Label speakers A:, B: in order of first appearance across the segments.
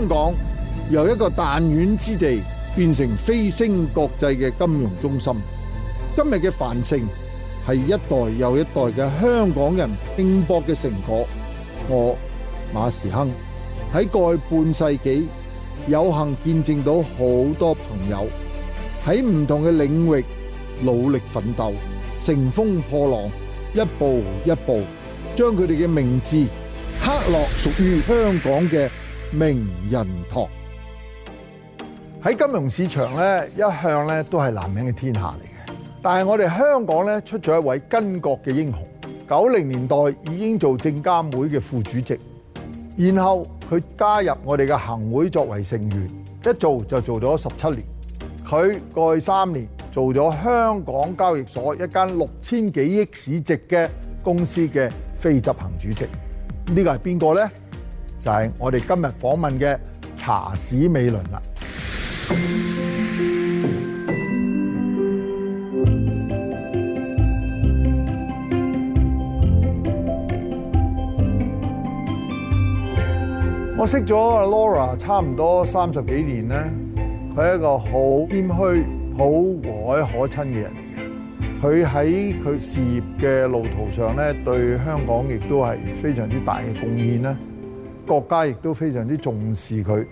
A: 香港由一個彈丸之地變成飛升國際嘅金融中心，今日嘅繁盛係一代又一代嘅香港人拼搏嘅成果。我馬時亨喺過去半世紀，有幸見證到好多朋友喺唔同嘅領域努力奮鬥，乘風破浪，一步一步將佢哋嘅名字刻落屬於香港嘅。名人堂。喺金融市場呢，一向呢都係男人嘅天下嚟嘅。但係我哋香港呢，出咗一位巾幗嘅英雄。九零年代已經做證監會嘅副主席，然後佢加入我哋嘅行會作為成員，一做就做咗十七年。佢過去三年做咗香港交易所一間六千幾億市值嘅公司嘅非執行主席。呢、呢個係邊個呢？就係我哋今日訪問嘅查史美倫啦。我識咗阿 Laura 差唔多三十幾年咧，佢係一個好謙虛、好和藹可親嘅人嚟嘅。佢喺佢事業嘅路途上咧，對香港亦都係非常之大嘅貢獻啦。國家亦都非常之重視佢，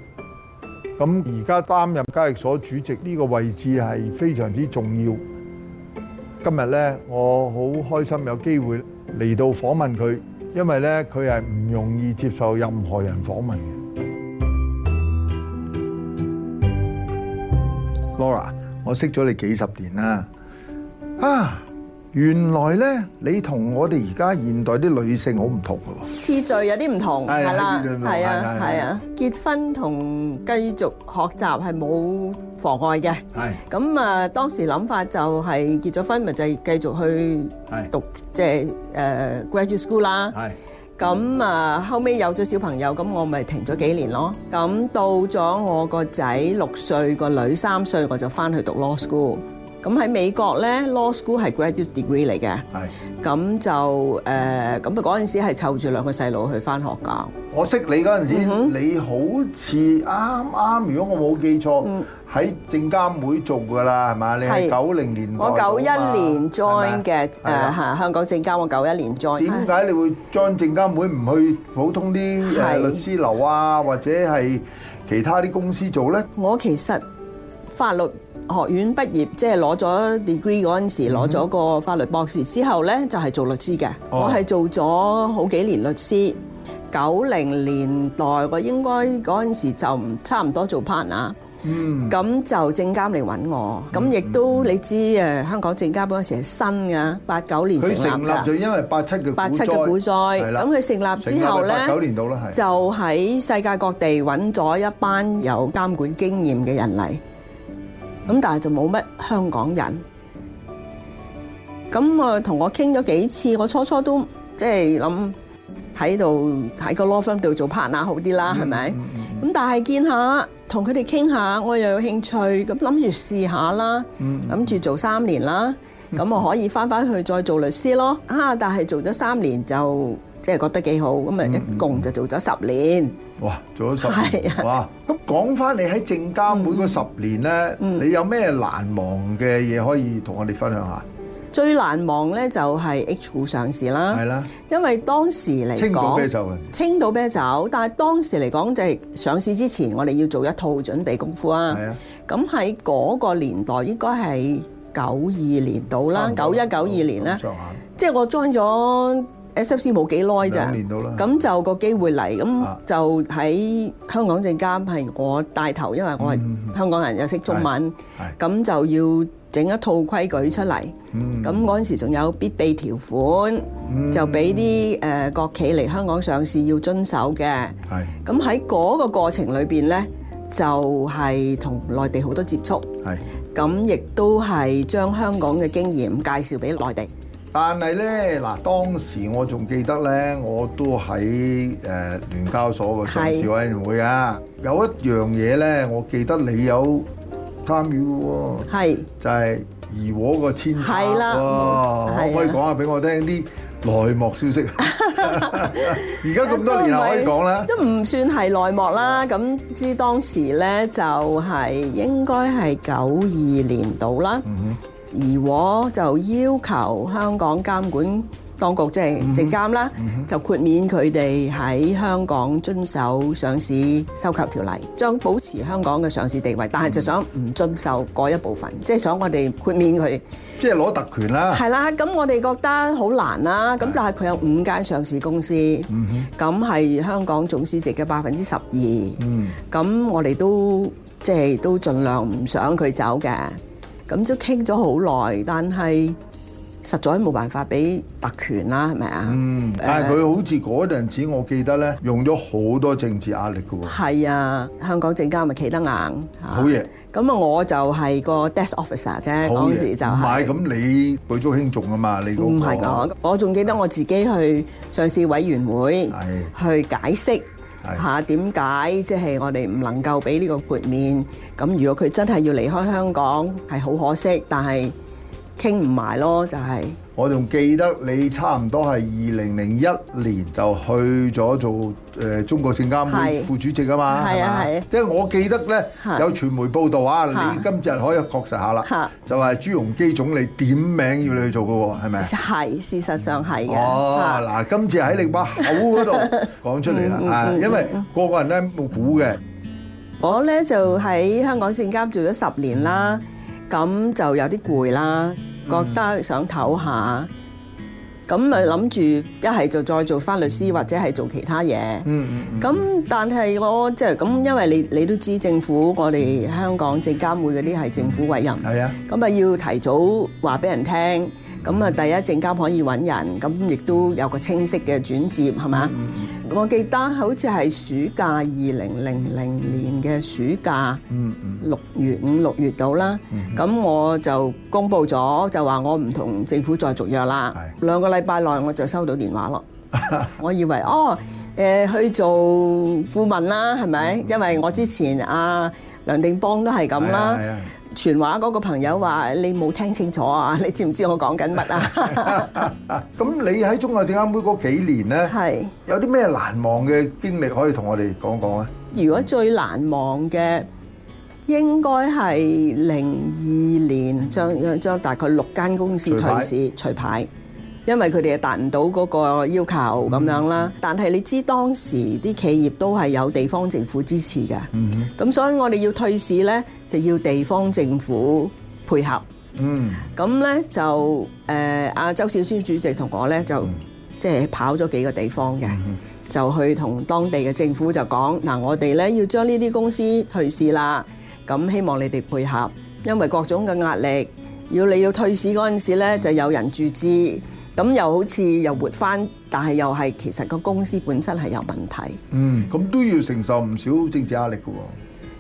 A: 咁而家擔任交易所主席呢個位置係非常之重要。今日呢，我好開心有機會嚟到訪問佢，因為呢，佢係唔容易接受任何人訪問嘅。Laura，我識咗你幾十年啦，啊！原來咧，你同我哋而家現代啲女性好唔同㗎喎。
B: 次序有啲唔同，係啦，係啊，係啊，結婚同繼續學習係冇妨礙嘅。係。咁啊，當時諗法就係結咗婚咪就係繼續去讀即係誒 graduate school 啦。係。咁啊，後尾有咗小朋友，咁我咪停咗幾年咯。咁到咗我個仔六歲，個女三歲，我就翻去讀 law school。咁喺美國咧，law school 係 graduate degree 嚟嘅，咁就誒，咁啊嗰陣時係湊住兩個細路去返學㗎。
A: 我識你嗰陣時，你好似啱啱，如果我冇記錯，喺證監會做㗎啦，係嘛？你係九零年，我九一年
B: join 嘅誒嚇香港證監，我九一年 join。點
A: 解你會 join 證監會唔去普通啲誒律師樓啊，或者係其他啲公司做咧？
B: 我其實法律學院畢業即係攞咗 degree 嗰陣時，攞咗個法律博士之後呢，就係做律師嘅。我係做咗好幾年律師。九零年代我應該嗰陣時就差唔多做 partner。嗯，咁就證監嚟揾我，咁亦都你知誒，香港證監嗰陣時係新嘅，八九年成立嘅。佢成立就因
A: 為八七嘅八七嘅股災。咁佢成立之後呢，
B: 就喺世界各地揾咗一班有監管經驗嘅人嚟。咁但係就冇乜香港人，咁啊同我傾咗幾次，我初初都即係諗喺度喺個 law firm 度做 partner 好啲啦，係咪、嗯？咁、嗯嗯嗯、但係見下同佢哋傾下，我又有興趣，咁諗住試下啦，諗住、嗯嗯、做三年啦，咁、嗯、我可以翻返去再做律師咯。啊！但係做咗三年就即係覺得幾好，咁啊一共就做咗十年。嗯嗯嗯嗯哇，做咗十年，
A: 是啊、哇！咁講翻你喺證監會嗰十年咧，嗯嗯、你有咩難忘嘅嘢可以同我哋分享下？
B: 最難忘咧就係 H 股上市啦，啊、因為當時嚟講，青島啤酒啊，青島啤酒。但係當時嚟講，就係上市之前，我哋要做一套準備功夫啊。咁喺嗰個年代應該係九二年到啦，九一九二年咧，即係我 join 咗，SFC 冇幾耐咋，咁就個機會嚟，咁就喺香港證監係我帶頭，因為我係香港人又識中文，咁就要整一套規矩出嚟，咁嗰陣時仲有必備條款，就俾啲誒國企嚟香港上市要遵守嘅，咁喺嗰個過程裏邊呢，就係同內地好多接觸，咁亦都係將香港嘅經驗介紹俾內地。但係咧，嗱，當時我
A: 仲記得咧，我都喺誒聯交所嘅上市委員會啊。有一樣嘢咧，我記得你有參與喎，係，就係怡和個遷冊。係啦，可唔可以講下俾我聽啲內幕消息？而家咁多年，可以講啦，
B: 都唔算係內幕啦。咁之當時咧，就係應該係九二年度啦。如果就要求香港監管當局即係證監啦，就豁免佢哋喺香港遵守上市收購條例，將保持香港嘅上市地位，但係就想唔遵守嗰一部分，即係想我哋豁免佢，即係攞特權啦。係啦，咁我哋覺得好難啦。咁但係佢有五間上市公司，咁係香港總市值嘅百分之十二。咁我哋都即係都盡量唔想佢走嘅。咁都傾咗好耐，但係實在冇辦法俾特權啦，係咪啊？嗯，但係佢好
A: 似嗰陣時，我記得咧，用咗好多政治壓力嘅喎。
B: 係啊，香港證監咪企得硬，好嘢。咁啊，我就係個 desk officer 啫，當時就係。係，咁你舉足輕重啊嘛，你老婆。唔係啊，我仲記得我自己去上市委員會，去解釋。吓，點解即係我哋唔能夠俾呢個豁免？咁如果佢真係要離開香港，係好可惜，但係傾唔埋咯，就係。
A: 我仲記得你差唔多係二零零一年就去咗做誒中國證監會副主席啊嘛，係啊係，即係我記得咧有傳媒報道啊，你今次可以確實下啦，就係朱鎔基總理點名要你去做㗎喎，係咪？
B: 係事實上係嘅。哦，嗱，今次喺你把口嗰度講出嚟啦，因為個個人咧冇估嘅。我咧就喺香港證監做咗十年啦，咁就有啲攰啦。嗯、覺得想唞下，咁咪諗住一係就再做返律師，或者係做其他嘢、嗯。嗯嗯。咁但係我即係咁，就是、因為你你都知政府，我哋香港證監會嗰啲係政府委任。係啊、嗯。咁啊，要提早話俾人聽。咁啊，嗯、第一，證監可以揾人，咁亦都有個清晰嘅轉接，係嘛？嗯、我記得好似係暑假二零零零年嘅暑假，六、嗯嗯、月五六月到啦。咁、嗯嗯、我就公布咗，就話我唔同政府再續約啦。是兩個禮拜內我就收到電話咯。 我以為哦，誒、呃、去做富民啦，係咪？因為我之前啊。梁定邦都係咁啦，啊啊啊、傳話嗰個朋友話：你冇聽清楚啊！你知唔知我講緊乜啊？
A: 咁 你喺中國證監會嗰幾年咧，係是有啲咩難忘嘅經歷可以同我哋講講咧？
B: 如果最難忘嘅、嗯、應該係零二年、嗯、將將將大概六間公司退市除牌。除牌因為佢哋係達唔到嗰個要求咁這樣啦，但係你知當時啲企業都係有地方政府支持嘅，咁、嗯、哼所以我哋要退市呢，就要地方政府配合。嗯，咁呢就誒，阿、呃、周小川主席同我呢，就即係、嗯、跑咗幾個地方嘅，就去同當地嘅政府就講嗱、啊，我哋呢要將呢啲公司退市啦，咁希望你哋配合，因為各種嘅壓力，要你要退市嗰陣時呢就有人注資。咁又好似又活翻，但係又係其實個公司本身係有問題。
A: 嗯，咁都要承受唔少政治壓力
B: 㗎喎、哦。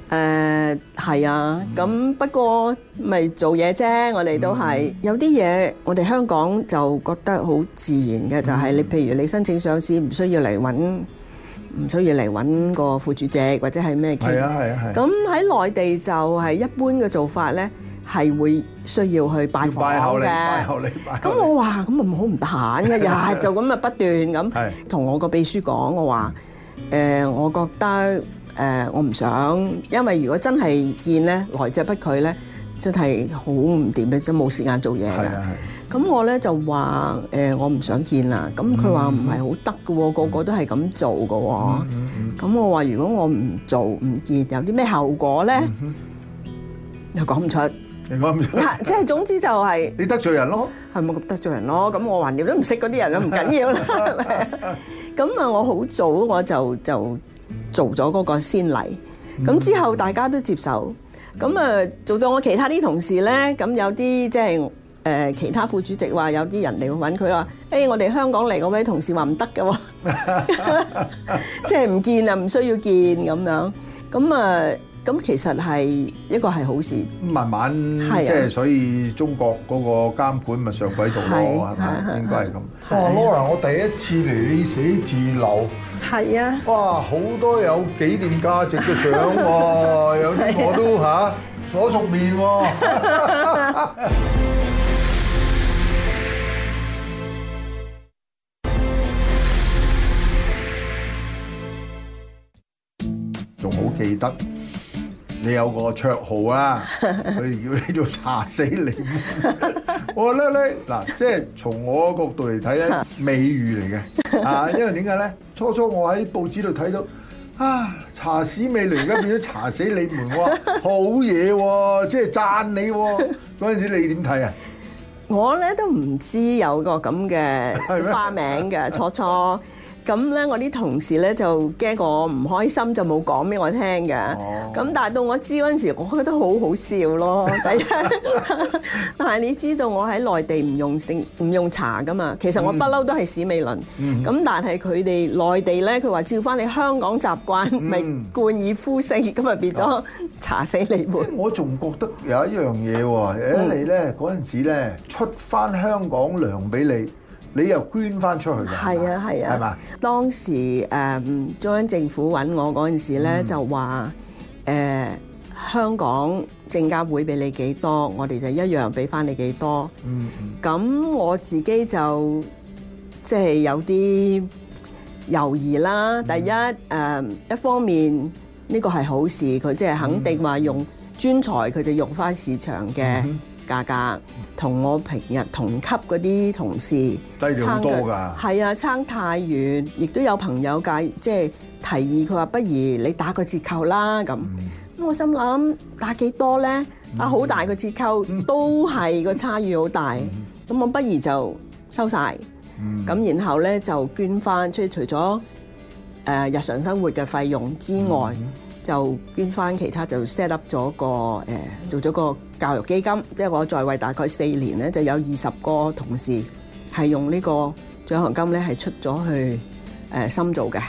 B: 誒、呃，係啊。咁、嗯、不過咪做嘢啫，我哋都係、嗯、有啲嘢，我哋香港就覺得好自然嘅，就係、是、你、嗯、譬如你申請上市，唔需要嚟揾，唔需要嚟揾個副主席或者係咩？係啊係啊係。咁喺、啊、內地就係一般嘅做法呢。嗯係會需要去拜訪嘅，咁我話咁咪好唔得閒嘅，又係就咁啊不斷咁，同我個秘書講，我話誒，我覺得誒，我唔想，因為如果真係見咧來者不拒咧，真係好唔掂嘅，真係冇時間做嘢嘅。咁我咧就話誒，我唔想見啦。咁佢話唔係好得嘅喎，個個都係咁做嘅喎。咁我話如果我唔做唔見，有啲咩後果咧？又講唔出。嗱，即係總之就係你得罪人咯，係冇咁得罪人咯。咁我橫掂都唔識嗰啲人啦，唔緊要啦，係咪？咁啊，我好早我就就做咗嗰個先例，咁之後大家都接受。咁啊，做到我其他啲同事咧，咁有啲即係誒其他副主席話有啲人嚟揾佢，話誒我哋香港嚟嗰位同事話唔得㗎喎，即係唔見啊，唔需要見咁樣。咁啊～咁其實係一個係好事，慢慢即係所
A: 以中國嗰個監管咪上軌道咯，應該係咁。哇，Laura，我第一次嚟你寫字樓，係啊，哇，好多有紀念價值嘅相喎，有啲我都嚇鎖熟面
B: 喎，
A: 仲好記得。你有個綽號啊，佢哋叫你做查死你。 我覺得咧，嗱，即係從我角度嚟睇咧，美譽嚟嘅啊，因為點解咧？初初我喺報紙度睇到啊，查屎美嚟，而家
B: 變咗查死你們， 我
A: 話好嘢啊，即係讚你。嗰陣時你點
B: 睇啊？啊我咧都唔知有個咁嘅花名嘅 嗎初初。咁咧，我啲同事咧就驚我唔開心，就冇講俾我聽嘅。咁、哦、但係到我知嗰陣時，我覺得好好笑咯。 但係你知道我喺內地唔用姓唔用查噶嘛？其實我不嬲都係史美倫。咁、嗯、但係佢哋內地咧，佢話照翻你香港習慣，咪、嗯、 冠以夫姓，今日變咗查史美倫。我仲
A: 覺得有一樣嘢喎，誒你咧嗰
B: 陣時咧出翻香港糧俾你。你又捐翻出去㗎？係啊，係啊，係嘛吧？當時誒中央政府揾我嗰陣時咧，就話誒香港證監會俾你幾多，我哋就一樣俾翻你幾多嗯。嗯，咁我自己就即係、就是、有啲猶豫啦。第一誒、嗯、一方面呢個係好事，佢即係肯定話用專才，佢就用翻市場嘅。嗯嗯價格同我平日同級嗰啲同事差㗎？係啊，差太遠。亦都有朋友介，即係提議，佢話，不如你打個折扣啦咁。咁、嗯、我心諗打幾多呢？打好大個折扣、嗯、都係個差異好大。咁我、嗯、不如就收晒。咁、嗯、然後呢，就捐翻，即係除咗日常生活嘅費用之外。嗯就捐翻其他，就 set up 咗個誒，做咗個教育基金。即係我在位大概四年咧，就有二十個同事係用呢個獎學金咧，係出咗去誒深造嘅。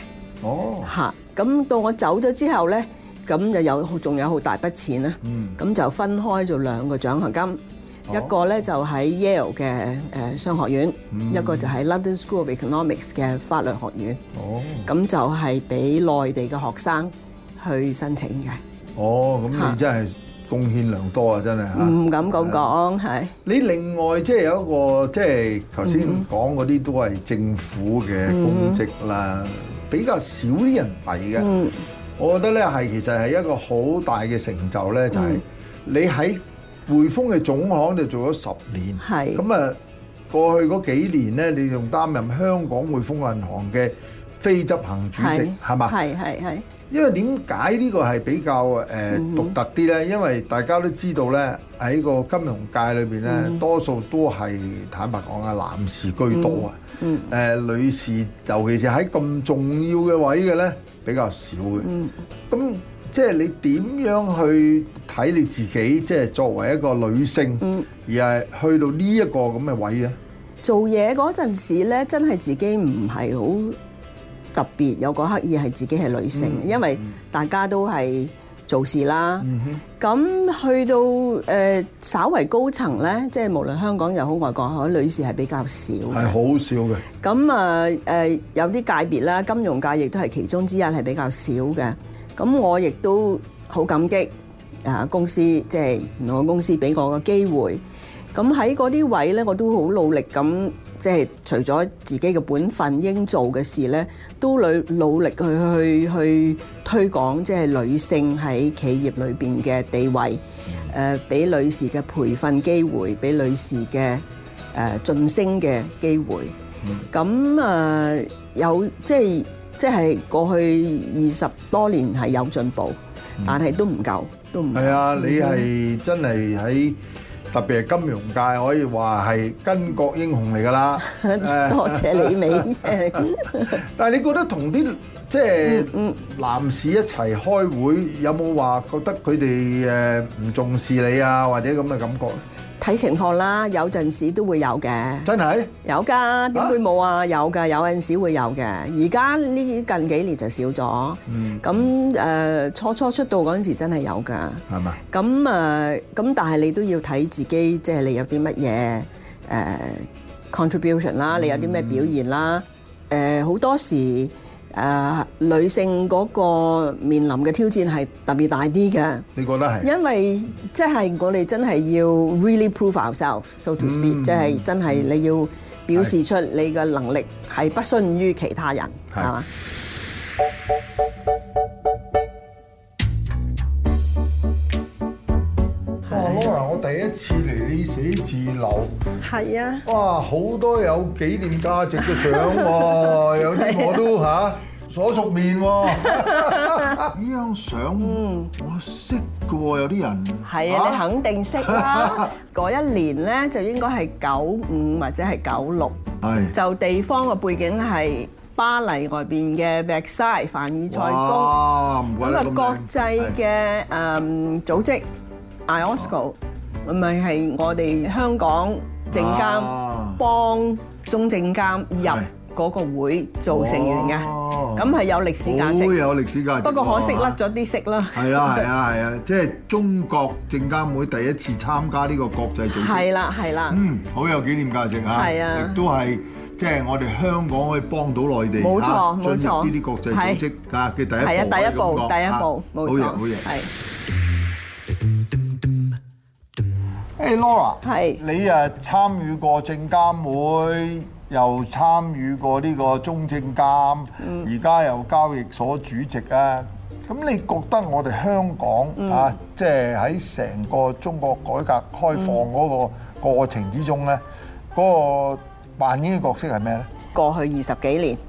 B: 哦，嚇咁到我走咗之後咧，咁就有仲有好大筆錢啦。嗯，咁就分開咗兩個獎學金，一個咧就喺 Yale 嘅誒商學院，一個就喺 London School of Economics 嘅法律學院。哦，咁就係俾內地嘅學生。去申
A: 請嘅，哦，咁你真係貢獻良多啊！真係，唔
B: 敢講講，係。
A: 你另外即係有一個，即係頭先講嗰啲都係政府嘅公職啦，比較少啲人比嘅。我覺得咧係其實係一個好大嘅成就咧，就係你喺匯豐嘅總行度做咗十年，係咁啊。過去嗰幾年咧，你仲擔任香港匯豐銀行嘅非執行主席，係嘛？係係係。因為點解呢個係比較誒、呃 mm hmm. 獨特啲呢？因為大家都知道呢喺個金融界裏邊呢、mm hmm. 多數都係坦白講啊，男士居多啊。誒、mm hmm. 呃，女士尤其是喺咁重要嘅位嘅呢，比較少嘅。咁、mm hmm. 即係你點樣去睇你自己？即係作為一個女性，mm hmm. 而係
B: 去到呢一個咁嘅位呢？做嘢嗰陣時呢，真係自己唔係好。特別有個刻意係自己係女性，因為大家都係做事啦。咁去到誒稍為高層咧，即係無論香港又好外國又好，女士係比較少，係好少嘅。咁啊誒有啲界別啦，金融界亦都係其中之一係比較少嘅。咁我亦都好感激啊公司，即係我公司俾我個機會。咁喺嗰啲位咧，我都好努力咁。即係除咗自己嘅本分應做嘅事咧，都努努力去去去推廣即係女性喺企業裏邊嘅地位，誒俾女士嘅培訓機會，俾女士嘅誒晉升嘅機會。咁誒有即係即係過去二十多年係有進步，但係都唔夠，都唔夠。係啊，你係
A: 真係喺。特別係金融界可以話係巾幗英雄嚟㗎啦， 多謝你，美。 但係你覺得同啲即係男士一齊開會，有冇話覺得佢哋誒唔重視你啊，或者咁嘅感覺咧？
B: 睇情況啦，有陣時都會有嘅。真係有㗎，點會冇啊？有㗎，有陣時會有嘅。而家呢近幾年就少咗。嗯，咁誒初初出道嗰陣時真係有㗎。係嘛？咁誒咁，但係你都要睇自己，即係你有啲乜嘢誒 contribution 啦，你有啲咩表現啦？誒好多時。誒女性嗰個面臨嘅挑戰係特別大啲㗎，你覺得係？因為即係我哋真係要 really prove ourselves so to speak，即係真係你要表示出你嘅能力係不遜於其他人，係嘛？
A: 第一次嚟呢寫字樓，係啊，哇好多有紀念價值嘅相喎，有啲我都嚇所熟面
B: 喎。
A: 呢張相我識過喎，有啲人
B: 係啊，你肯定識啦。嗰一年咧就應該係九五或者係九六，係就地方嘅背景係巴黎外邊嘅 Versailles 凡爾賽宮咁啊，國際嘅誒組織 Iosco。係咪係我哋香港證監幫中證監入嗰個會做成員嘅？咁係有歷史價值。好
A: 有歷史價值。不過可惜甩
B: 咗啲色啦。係啊係
A: 啊係啊！即係中國證監會第一次參加呢個國際組織。係啦係啦。嗯，好有紀念價值啊！係啊，亦都係即係我哋香港可以幫到內地，冇錯冇錯。進入呢啲國際組織啊，佢第一步。係啊，第一步，第一步，冇錯，係。誒 Laura 你誒參與過證監會，又參與過呢個中證監，而家、嗯、又交易所主席啊！咁你覺得我哋香港啊，嗯、即係喺成個中國改革開放嗰個過
B: 程之中、嗯、呢，嗰個扮演嘅角色係咩呢？過去二十幾年。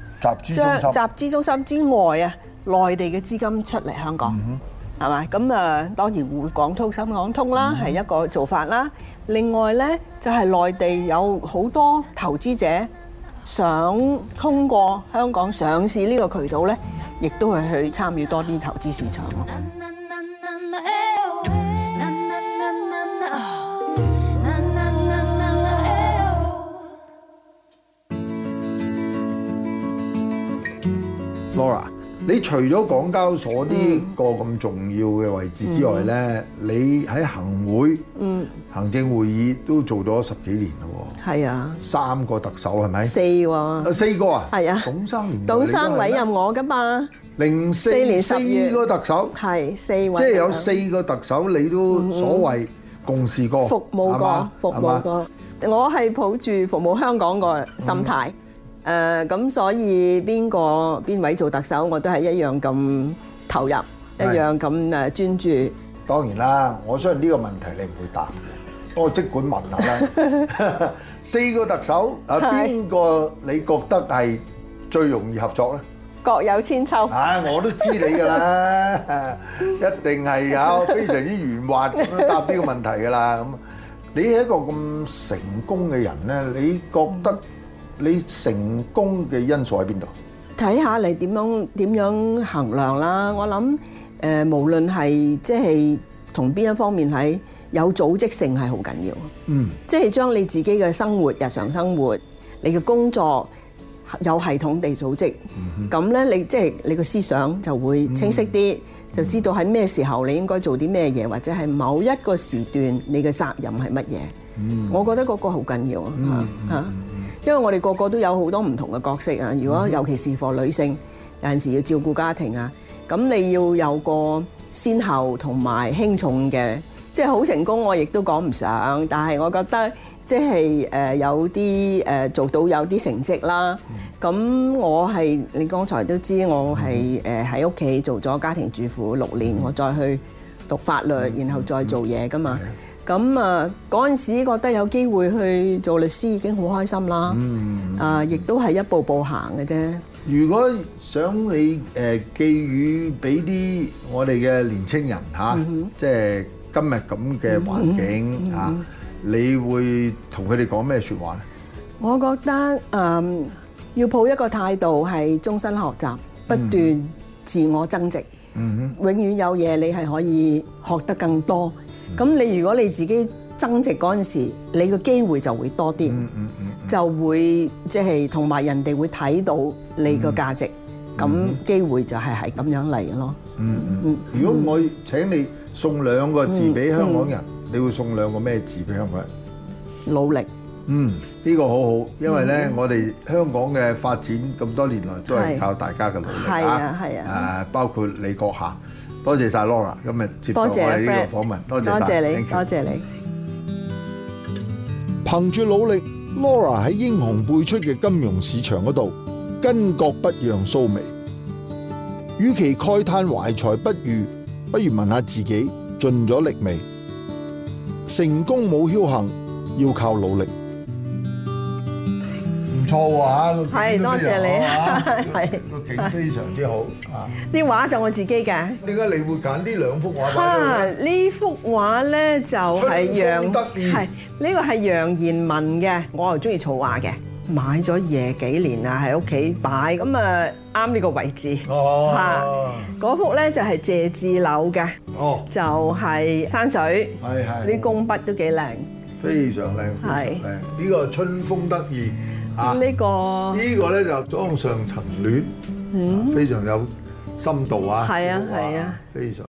B: 將集資中心之外啊，內地嘅資金出嚟香港，係嘛？咁啊，當然滬港通、深港通啦，係一個做法啦。另外呢，就係內地有好多投資者想通過香港上市呢個渠道呢，亦都係去參與多啲投資市場。
A: 你除咗港交所呢個咁重要嘅位置之外呢，你喺行會、行政會議都做咗十幾年
B: 咯喎。係啊，三個特首係咪？四喎。啊，四個啊。係啊。董生年董生委任我㗎嘛。零四年十月四個特首係四位。即係有四
A: 個特首，你都所謂共事過、服務過、服務過。
B: 我係抱住服務香港個心態。誒咁，所以邊個邊位做特首，我都係一樣咁投入，一樣咁誒專注。
A: 當然啦，我相信呢個問題你唔會答嘅，不
B: 過即管問下啦。
A: 四個特首誒，邊個你覺得係最容易合作
B: 咧？各有千秋。啊，
A: 我都知你噶啦，一定係有非常之圓滑答呢個問題噶啦。咁你係一個咁成功嘅人咧，你覺得？你成功嘅因素喺邊度？
B: 睇下你點樣點樣衡量啦。我諗誒，無論係即係同邊一方面喺有組織性係好緊要。嗯，即係將你自己嘅生活、日常生活、你嘅工作有系統地組織。咁咧，你即係你嘅思想就會清晰啲，就知道喺咩時候你應該做啲咩嘢，或者係某一個時段你嘅責任係乜嘢。嗯，我覺得嗰個好緊要啊！嚇嚇。因為我哋個個都有好多唔同嘅角色啊！如果尤其是個女性，有陣時要照顧家庭啊，咁你要有個先後同埋輕重嘅，即係好成功我亦都講唔上，但係我覺得即係誒有啲誒做到有啲成績啦。咁我係你剛才都知我係誒喺屋企做咗家庭主婦六年，我再去讀法律，然後再做嘢㗎嘛。咁啊，嗰陣時覺得有機會去做律師已經好開心啦。嗯，啊，亦都係一步步行嘅啫。如果
A: 想你誒寄語俾啲我哋嘅年青人吓，即係今日咁嘅環境吓，你會同佢哋講咩說話咧？
B: 我覺得誒，要抱一個態度係終身學習，不斷自我增值。嗯，永遠有嘢你係可以學得更多。咁你如果你自己增值嗰陣時，你個機會就會多啲，就會即係同埋人哋會睇到你個價值，咁機會就係，係咁樣嚟咯。嗯嗯，
A: 嗯，如果我請你送兩個字俾香港人，嗯嗯、你會送兩個咩字俾香港人？努力。嗯，呢、個好好，因為咧，嗯、我哋香港嘅發展咁多年來都係靠大家嘅努力，係啊，係啊，誒，包括你閣下。多謝晒 Laura 今日接受我呢個訪問，多謝晒謝，多謝，謝你，多謝，謝你。憑住努力，Laura 喺英雄輩出嘅金融市場嗰度，巾幗不讓鬚眉與，與其慨嘆懷才不遇，不如問下自己，盡咗力未？成功冇僥幸，要靠努力。
B: 錯畫嚇，係多謝你，係都幾非常之好啊！啲畫就我自己嘅。
A: 點解你會揀呢兩幅畫？
B: 呢幅畫咧就係楊，係呢個係楊延文嘅，我係中意草畫嘅，買咗夜幾年啦，喺屋企擺，咁啊啱呢個位置。哦，嚇，嗰幅咧就係謝志柳嘅，哦，就係山水，係係，啲工筆都幾靚，非常靚，非常靚。
A: 呢個春風得意。呢、這個呢個咧就裝上層戀，嗯、非常有深度啊！係啊係啊，好的非常。